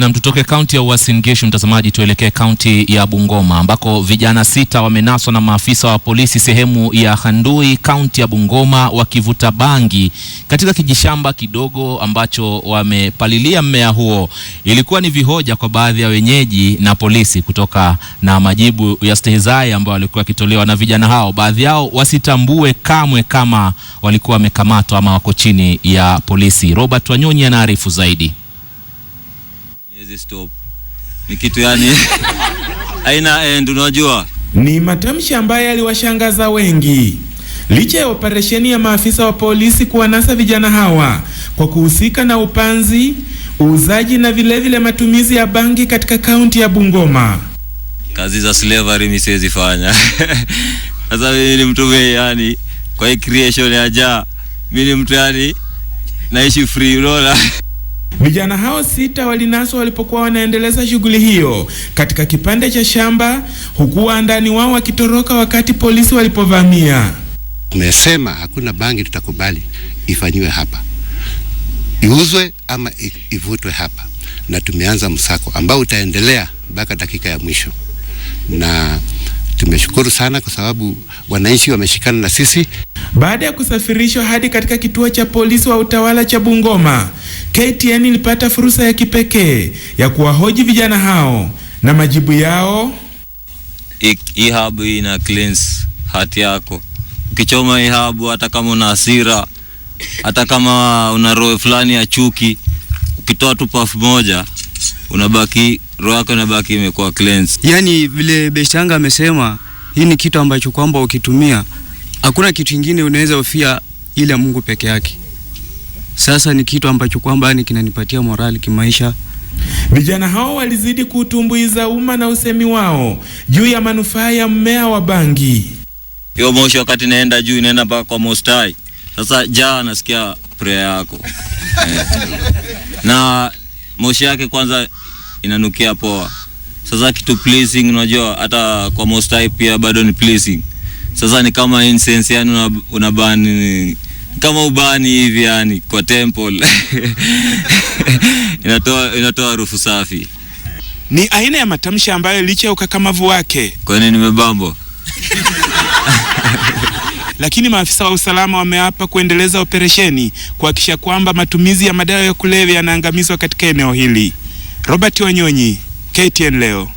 Na mtutoke kaunti ya Uasin Gishu, mtazamaji, tuelekee kaunti ya Bungoma ambako vijana sita wamenaswa na maafisa wa polisi sehemu ya Handui, kaunti ya Bungoma, wakivuta bangi katika kijishamba kidogo ambacho wamepalilia mmea huo. Ilikuwa ni vihoja kwa baadhi ya wenyeji na polisi kutoka na majibu ya stehizai ambayo walikuwa wakitolewa na vijana hao, baadhi yao wasitambue kamwe kama walikuwa wamekamatwa ama wako chini ya polisi. Robert Wanyonyi anaarifu zaidi hizi stop ni kitu yani aina end, unajua ni matamshi ambayo yaliwashangaza wengi licha ya operesheni ya maafisa wa polisi kuwanasa vijana hawa kwa kuhusika na upanzi, uuzaji na vile vile matumizi ya bangi katika kaunti ya Bungoma. Kazi za slavery mimi siwezi fanya sasa mimi ni mtu yani, kwa hii creation ya jaa mimi ni mtu yani, naishi free roller Vijana hao sita walinaswa walipokuwa wanaendeleza shughuli hiyo katika kipande cha shamba, huku wandani wao wakitoroka wakati polisi walipovamia. Tumesema hakuna bangi tutakubali ifanyiwe hapa, iuzwe ama ivutwe hapa, na tumeanza msako ambao utaendelea mpaka dakika ya mwisho na tumeshukuru sana kwa sababu wananchi wameshikana na sisi. Baada ya kusafirishwa hadi katika kituo cha polisi wa utawala cha Bungoma, KTN ilipata fursa ya kipekee ya kuwahoji vijana hao na majibu yao. Hii ina cleanse hati yako. Ukichoma ihabu, habu, hata kama una hasira, hata kama una roho fulani ya chuki, ukitoa tu puff moja, unabaki roho yako inabaki imekuwa cleanse. Yani vile Beshanga amesema, hii ni kitu ambacho kwamba ukitumia hakuna kitu kingine unaweza ufia ile Mungu peke yake. Sasa ni kitu ambacho kwamba ni kinanipatia morali kimaisha. Vijana hao walizidi kutumbuiza umma na usemi wao juu ya manufaa ya mmea wa bangi. Hiyo moshi wakati naenda juu inaenda mpaka kwa Mostai. Sasa jaa nasikia prayer yako eh. Na moshi yake kwanza inanukia poa. Sasa kitu pleasing, unajua hata kwa Mostai pia bado ni pleasing. Sasa ni kama incense, yani unaban una kama ubani hivi yani kwa temple inatoa inatoa harufu safi. Ni aina ya matamshi ambayo licha ya ukakamavu wake, kwani nimebambo lakini maafisa wa usalama wameapa kuendeleza operesheni kuhakikisha kwamba matumizi ya madawa ya kulevya yanaangamizwa katika eneo hili. Robert Wanyonyi, KTN leo.